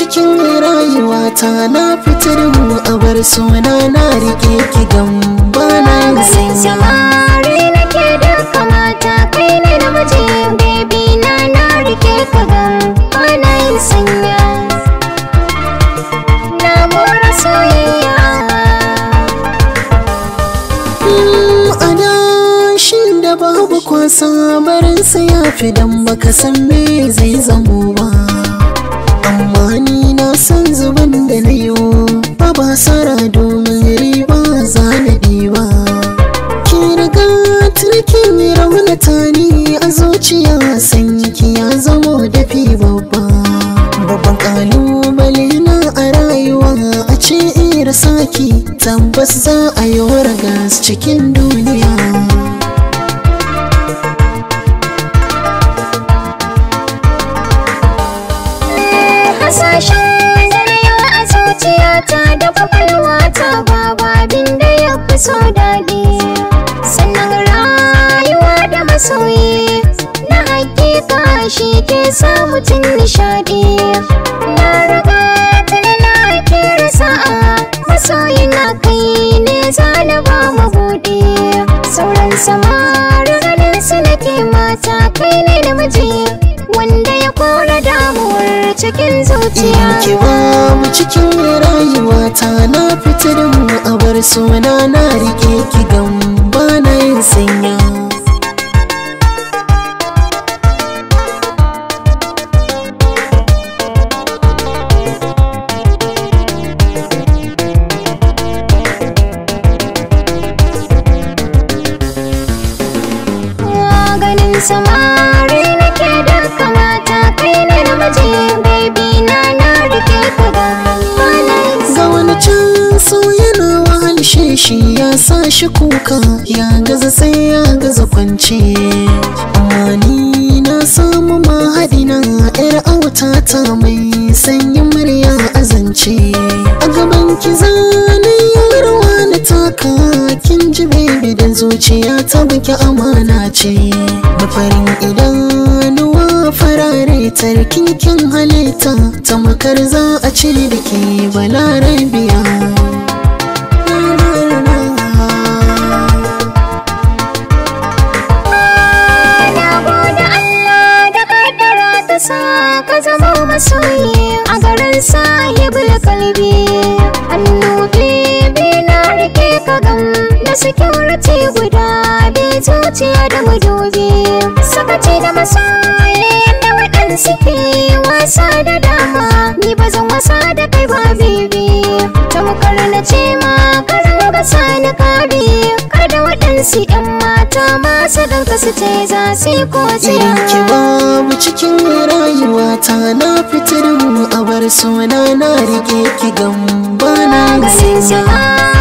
cikin rayuwata na fitar mu a bar suna na rike ki ba na yin sanyi nake da kamata kai ne na mace baby na na rike ka na yin sanya na mora soyayya mm, a da shin da babu kwasa barin ya fi dan baka san me zai zamo ba san zuban da na yi ba ba sara domin riba za na ɗiba ki riga turki mai ta ni a zuciya sanyi ki ya zamo fi babba babban kalubale na a rayuwa a ce ira saki tambas za a yi gas cikin duniya sashen zuciyata da kwakwalwata babu abin da ya fi so daɗi sannan rayuwa da masoyi na hakika shi ke sa mutum nishaɗi na raga tuni na kera sa'a masoyi na kai ne zalaba mabuɗi sauran samarin ganin su nake mata kai ne namiji cikin zuciya ki mu cikin rayuwa ta na fitar mu a bar suna na rike ki gamba na yin sanya Samari nake da kamata kai ne na shi ya sa shi kuka ya gaza sai ya gaza kwance amma ni na samu mahaɗina yar auta ta mai sanyin murya azance a gaban ki zanen rawa na taka kin ji bebe da zuciya ta buki amana ce mafarin farin farare tarkin kin halitta ta makar za a cire da ke balarabiya sa ka zama masoyi a garin sahibul kalbi annobi bina rike ka gam da security guda bi zuciya da madobi sakaci da masoyi da waɗansu suke wasa da dama ni ba zan wasa da kai ba bibi ta makar na ce ma ka gasa sani kari kada waɗansu 'yan ma ta masu don ce za su yi kwaciya irin ki mu cikin rayuwa ta na fitar mu a bar suna na rike ki gamba na garin